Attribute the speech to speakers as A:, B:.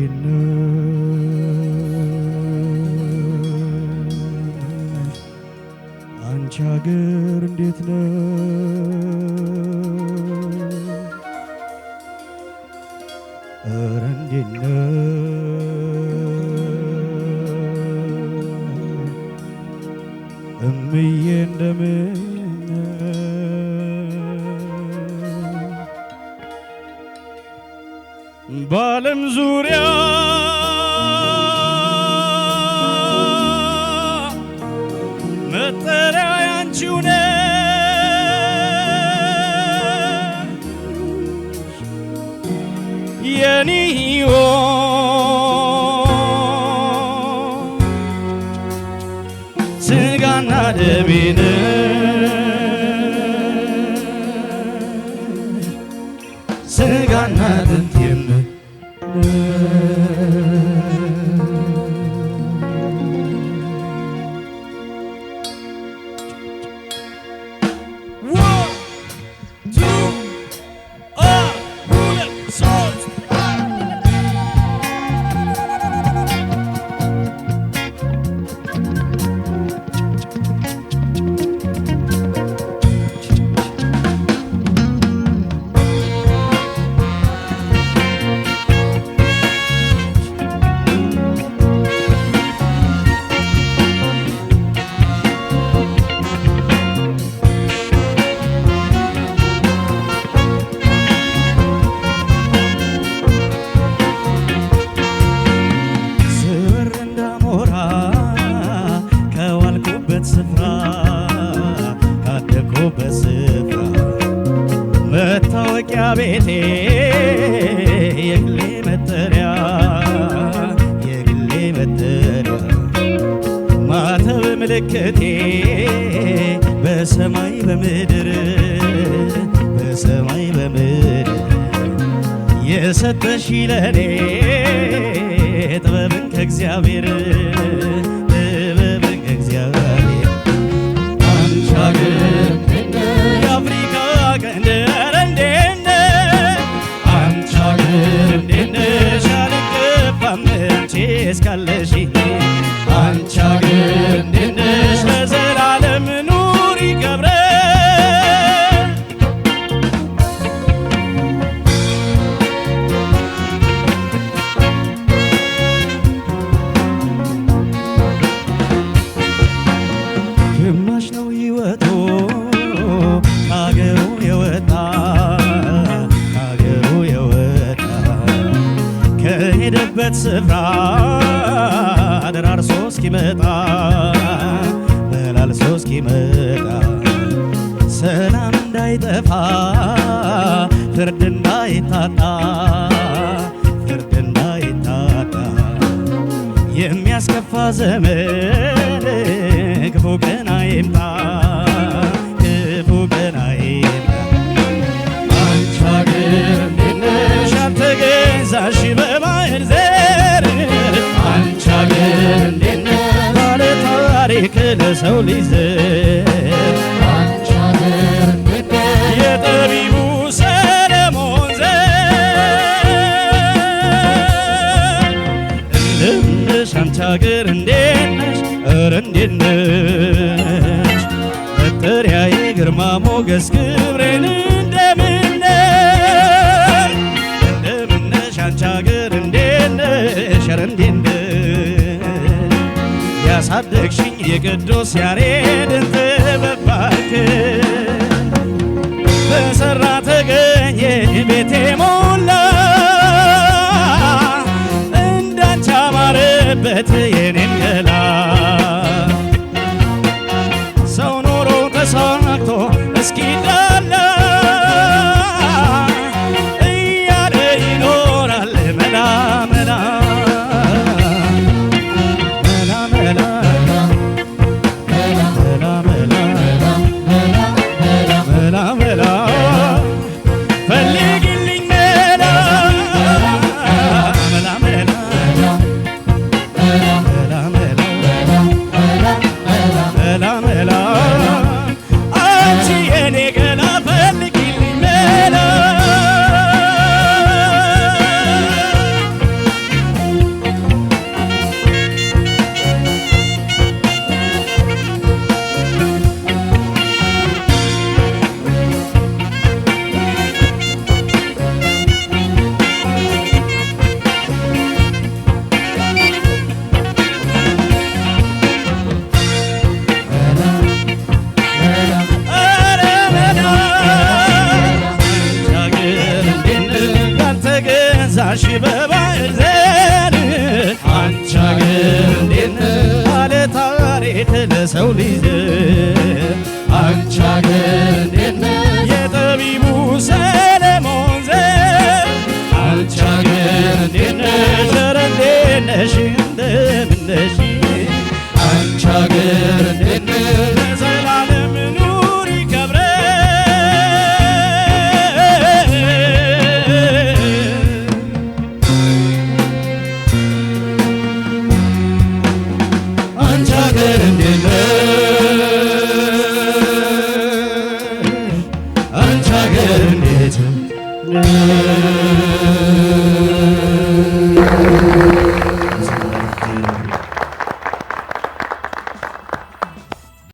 A: እንዴት አንቺ ሀገር እንዴት ነው? ኧረ እንዴት ነው? እምዬ እንደምን በዓለም ዙሪያ መጠሪያ ያንቺው ነሽ የኔ ሕይወት ሥጋና ደሜ ነሽ ሥጋና ደም mm. መኖሪያ ቤቴ የግሌ መጠሪያ የግሌ መጠሪያ ማተብ ምልክቴ በሰማይ በምድር በሰማይ በምድር የሰጠሽ ለኔ ጥበብን ከእግዚአብሔር በገነት ስፍራ ደራርሶ እስኪመጣ መላልሶ እስኪመጣ ሰላም እንዳይጠፋ ፍርድ እንዳይታጣ ፍርድ እንዳይታጣ የሚያስከፋ ዘመን ክፉ ቀን አይምጣ ሞገስ ክብሬን እንደምነ እንደምነሽ አንቺ አገር እንዴነሽ ያሳደግሽኝ የቅዱስ ያሬድን ጥበብ በሰራ ተገኘ ቤቴ ሞላ እንዳንቺ አማረበት የኔ ፈልግልኝ መላ መላ መላ መላ አንቺ የኔ ሰው ልጅ አንቺ አገር እንዴት የጠቢቡ ሰለሞን ዘር አንቺ አገር እንዴት ነሽ đời